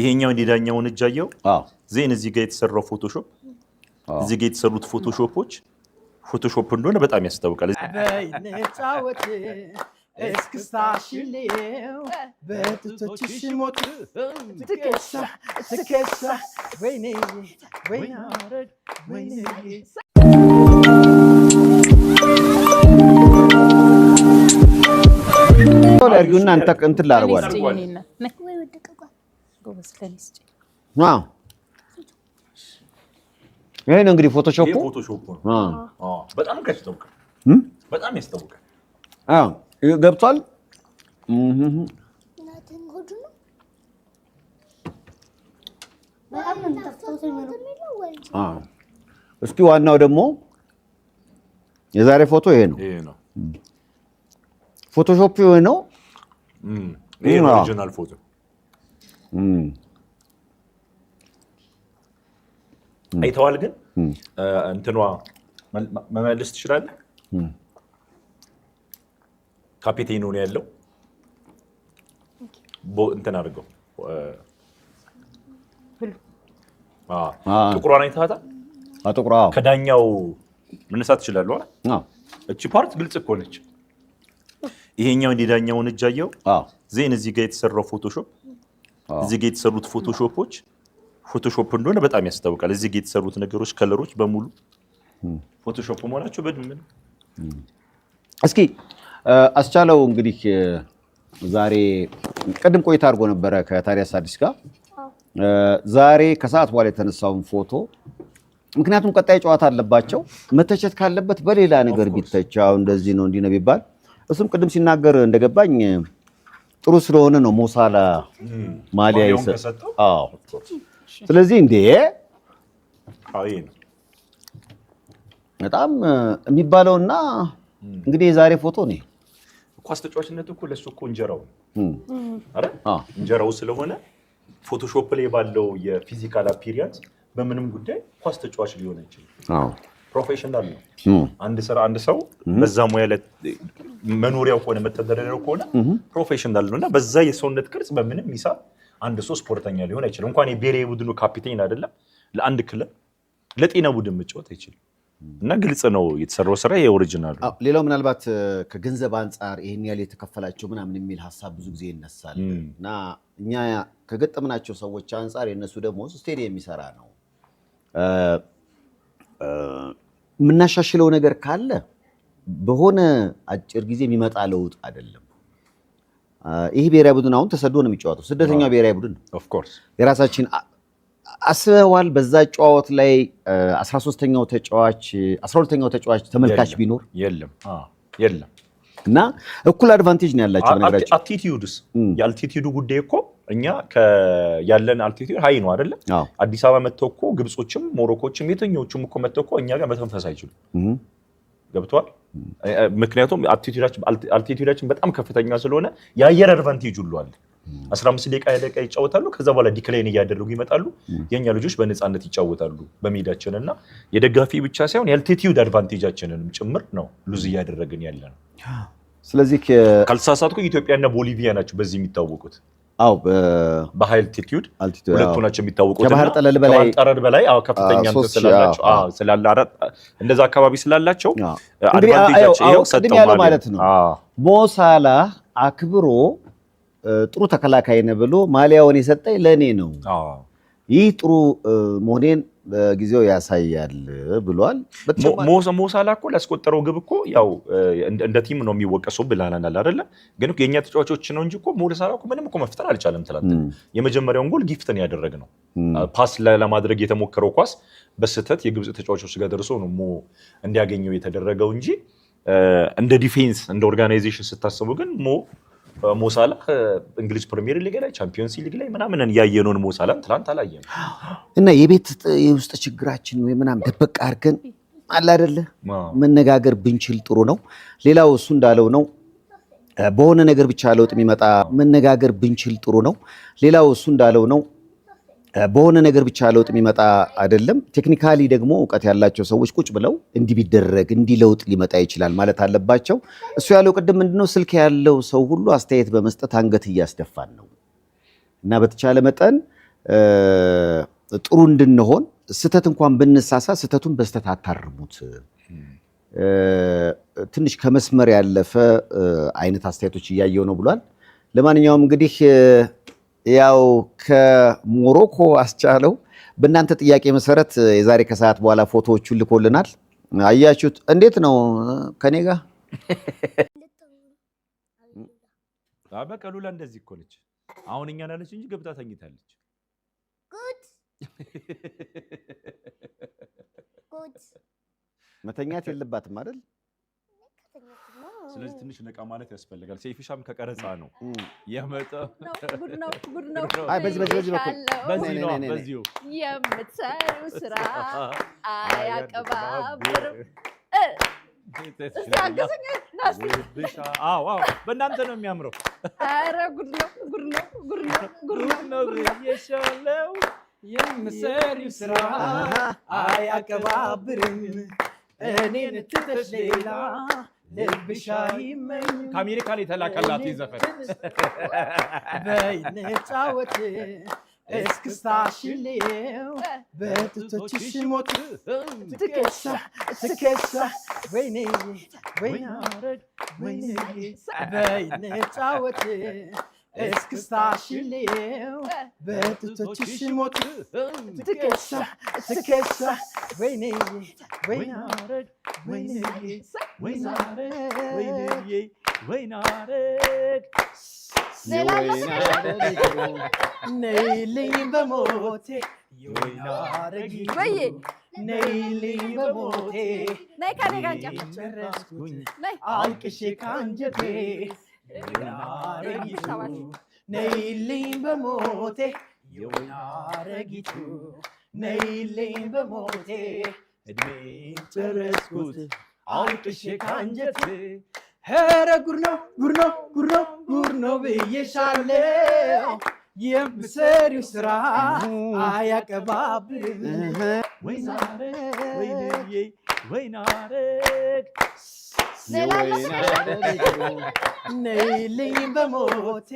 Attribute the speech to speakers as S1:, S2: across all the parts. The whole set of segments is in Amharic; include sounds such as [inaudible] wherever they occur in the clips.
S1: ይሄኛው እንዲዳኛውን እጃየው ዜን እዚህ ጋር የተሰራው ፎቶሾፕ እዚህ ጋር የተሰሩት ፎቶሾፖች ፎቶሾፕ እንደሆነ በጣም ያስታውቃል። በይነጫወት እስክስታሽሌው በጡቶችሽ ሞት ትከሻ ትከሻ ወይኔ ወይኔ ወይኔ እናንተ እንትን ላደርጓለሁ ጎበዝ ለኔ አዎ ነው እንግዲህ ፎቶሾፕ ፎቶሾፕ ነው።
S2: በጣም ያስታውቃል፣ በጣም ያስታውቃል።
S1: አዎ ገብቷል። እስኪ ዋናው ደግሞ የዛሬ ፎቶ ይሄ ነው። ፎቶሾፕ ነው
S2: ኦሪጂናል ፎቶ አይተዋል። ግን እንትኗ መመለስ ትችላለህ። ካፒቴኑ ነው ያለው። እንትን አድርገው ጥቁሯን አይተሃታል። ጥቁሯ ከዳኛው መነሳት ትችላሉ። እቺ ፓርት ግልጽ እኮ ነች። ይሄኛው እንዲህ ዳኛውን እጃየው ዜን እዚህ ጋር የተሰራው ፎቶሾፕ እዚህ ጋ የተሰሩት ፎቶሾፖች ፎቶሾፕ እንደሆነ በጣም ያስታውቃል። እዚህ ጋ የተሰሩት ነገሮች ከለሮች በሙሉ ፎቶሾፕ መሆናቸው በድምር
S1: እስኪ አስቻለው እንግዲህ ዛሬ ቅድም ቆይታ አድርጎ ነበረ ከታዲያስ አዲስ ጋር ዛሬ ከሰዓት በኋላ የተነሳውን ፎቶ ምክንያቱም ቀጣይ ጨዋታ አለባቸው። መተቸት ካለበት በሌላ ነገር ቢተቻው እንደዚህ ነው እንዲህ ነው ቢባል እሱም ቅድም ሲናገር እንደገባኝ ጥሩ ስለሆነ ነው ሞሳላ ማሊያ
S2: የሰጠው።
S1: ስለዚህ እንዴ በጣም የሚባለውና እንግዲህ የዛሬ ፎቶ ነ
S2: ኳስ ተጫዋችነት እኮ ለሱ እኮ እንጀራው እንጀራው ስለሆነ ፎቶሾፕ ላይ ባለው የፊዚካል አፒሪያንስ በምንም ጉዳይ ኳስ ተጫዋች ሊሆን አይችልም። ፕሮፌሽናል ነው አንድ ስራ አንድ ሰው በዛ ሙያ መኖሪያው ከሆነ መተዳደሪያው ከሆነ ፕሮፌሽናል ነው እና በዛ የሰውነት ቅርጽ በምንም ሂሳብ አንድ ሰው ስፖርተኛ ሊሆን አይችልም። እንኳን የብሔራዊ ቡድኑ ካፒቴን አይደለም ለአንድ ክለብ ለጤና ቡድን መጫወት አይችልም። እና ግልጽ ነው የተሰራው ስራ የኦሪጂናሉ።
S1: ሌላው ምናልባት ከገንዘብ አንጻር ይህን ያህል የተከፈላቸው ምናምን የሚል ሀሳብ ብዙ ጊዜ ይነሳል እና እኛ ከገጠምናቸው ሰዎች አንጻር የእነሱ ደግሞ ስቴዲየም የሚሰራ ነው። የምናሻሽለው ነገር ካለ በሆነ አጭር ጊዜ የሚመጣ ለውጥ አይደለም። ይህ ብሔራዊ ቡድን አሁን ተሰዶ ነው የሚጫወተው። ስደተኛው ብሔራዊ ቡድን ነው። የራሳችን አስበዋል። በዛ ጨዋወት ላይ 13ኛው ተጫዋች 12ኛው ተጫዋች ተመልካች ቢኖር
S2: የለም የለም።
S1: እና እኩል አድቫንቴጅ ነው ያላቸው።
S2: በነገራችን አልቲቲዩድስ የአልቲቲዩዱ ጉዳይ እኮ እኛ ያለን አልቲቲዩድ ሀይ ነው አይደለም። አዲስ አበባ መጥተው እኮ ግብጾችም ሞሮኮችም የትኞቹም እኮ መጥተው እኮ እኛ ጋር መተንፈስ አይችሉም። ገብተዋል። ምክንያቱም አልቲቲዩዳችን በጣም ከፍተኛ ስለሆነ የአየር አድቫንቴጅ ሁሉ አለ። 15 ደቂቃ ደቂቃ ይጫወታሉ። ከዛ በኋላ ዲክላይን እያደረጉ ይመጣሉ። የኛ ልጆች በነፃነት ይጫወታሉ በሜዳችን እና የደጋፊ ብቻ ሳይሆን የአልቲቲዩድ አድቫንቴጃችንንም ጭምር ነው ሉዝ እያደረግን ያለ ነው። ስለዚህ ካልተሳሳትኩ ኢትዮጵያና ቦሊቪያ ናቸው በዚህ የሚታወቁት። አው በሃይ አልቲቲዩድ ሁለቱ ናቸው የሚታወቁት።
S1: ከባህር ጠለል በላይ
S2: ጠረር በላይ አው ከፍተኛ ስላላቸው አው ስላላ አራት እንደዛ አካባቢ ስላላቸው አድቫንቴጅ
S1: ይሄው ማለት ነው። ሞሳላ አክብሮ ጥሩ ተከላካይ ነው ብሎ ማሊያውን የሰጠኝ ለእኔ ነው። ይህ ጥሩ መሆኔን በጊዜው ያሳያል ብሏል።
S2: ሞሳላ እኮ ላስቆጠረው ግብ እኮ ያው እንደ ቲም ነው የሚወቀሰው ብላናል አይደለ? ግን የእኛ ተጫዋቾች ነው እንጂ ሞሳላ ምንም እኮ መፍጠር አልቻለም። ትላንት የመጀመሪያውን ጎል ጊፍትን ያደረግ ነው ፓስ ለማድረግ የተሞከረው ኳስ በስህተት የግብፅ ተጫዋቾች ጋር ደርሶ ነው ሞ እንዲያገኘው የተደረገው እንጂ እንደ ዲፌንስ እንደ ኦርጋናይዜሽን ስታስቡ ግን ሞ ሞሳላ እንግሊዝ ፕሪሚየር ሊግ ላይ ቻምፒዮንስ ሊግ ላይ ምናምን ያየነውን ሞሳላን ትላንት አላየም
S1: እና የቤት የውስጥ ችግራችን ወይ ምናምን ደበቅ አድርገን አለ አይደለ መነጋገር ብንችል ጥሩ ነው። ሌላው እሱ እንዳለው ነው። በሆነ ነገር ብቻ ለውጥ የሚመጣ መነጋገር ብንችል ጥሩ ነው። ሌላው እሱ እንዳለው ነው። በሆነ ነገር ብቻ ለውጥ የሚመጣ አይደለም። ቴክኒካሊ ደግሞ እውቀት ያላቸው ሰዎች ቁጭ ብለው እንዲህ ቢደረግ እንዲህ ለውጥ ሊመጣ ይችላል ማለት አለባቸው። እሱ ያለው ቅድም ምንድነው ስልክ ያለው ሰው ሁሉ አስተያየት በመስጠት አንገት እያስደፋን ነው እና በተቻለ መጠን ጥሩ እንድንሆን ስህተት እንኳን ብንሳሳ ስህተቱን በስህተት አታርሙት። ትንሽ ከመስመር ያለፈ አይነት አስተያየቶች እያየው ነው ብሏል። ለማንኛውም እንግዲህ ያው ከሞሮኮ አስቻለው በእናንተ ጥያቄ መሰረት የዛሬ ከሰዓት በኋላ ፎቶዎቹን ልኮልናል። አያችሁት? እንዴት ነው ከኔ ጋር
S2: በቃ እንደዚህ እኮ ነች። አሁን እኛ ላለች እንጂ ገብታ ተኝታለች።
S3: [laughs]
S1: መተኛት የለባትም አይደል?
S2: ስለዚህ ትንሽ ነቃ ማለት ያስፈልጋል። ሴፊሻም ከቀረጻ ነው የመጣው።
S3: የምትሰሩ ስራ አያቀባብርም።
S2: በእናንተ ነው የሚያምረው።
S3: ኧረ ጉድ ነው የሸለው። የምትሰሪው ስራ አያቀባብርም እኔን ትተሽ ሌላ
S2: ከአሜሪካን የተላከላት ዘፈን
S3: በይነጫወት እስክስታሽሌው በጡቶችሽ ሲሞቱ ትከሻ ትከሻ ወይኔ ወይናረድ ወይኔ በይነጫወት Eskıstaşiliyim ve tutuşumu tüketsa, tüketsa beni, beni, beni, beni, beni, Neyleyim ve mote Yoynare gibi, Neyleyim ve mote Ne kadar kanca Ne Alkışı kanca değil ነይልኝ በሞቴ የወይን አረጊቱ ነይልኝ በሞቴ እድሜ ጨረስኩት አውጥሽ ካንጀት ኧረ ጉድ ነው ጉድ ነው ጉድ ነው ጉድ ነው ብዬሻለው የምሰሪው ስራ አያቀባብርም ወይዛረ ወይዬ ወይናደግ ነይልኝ በሞቴ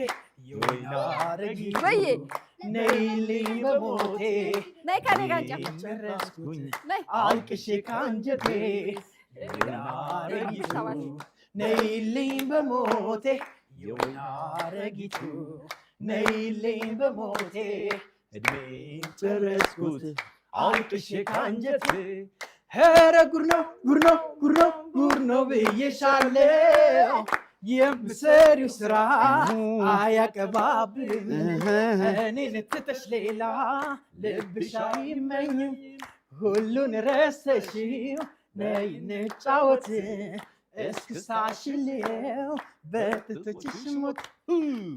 S3: ነይልኝ በሞቴ ረስኩኝ አልቅሼ ካንጀቴ ነይልኝ በሞቴ የወይናደጊቱ ነይልኝ በሞቴ እድሜ ጨረስኩት አልቅሼ ካንጀቴ ኧረ ጉድ ነው ጉድ ነው ጉድ ነው ጉድ ነው ብዬሻለው። የምሰሪው ስራ አያቀባብልም። እኔን ትተሽ ሌላ ልብሽ አይመኝም። ሁሉን ረሰሽው ነይ እንጫወት استسعش اليوم باتتك شموت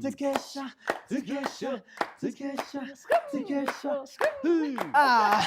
S3: تكشع تكشع تكشع تكشع
S1: اه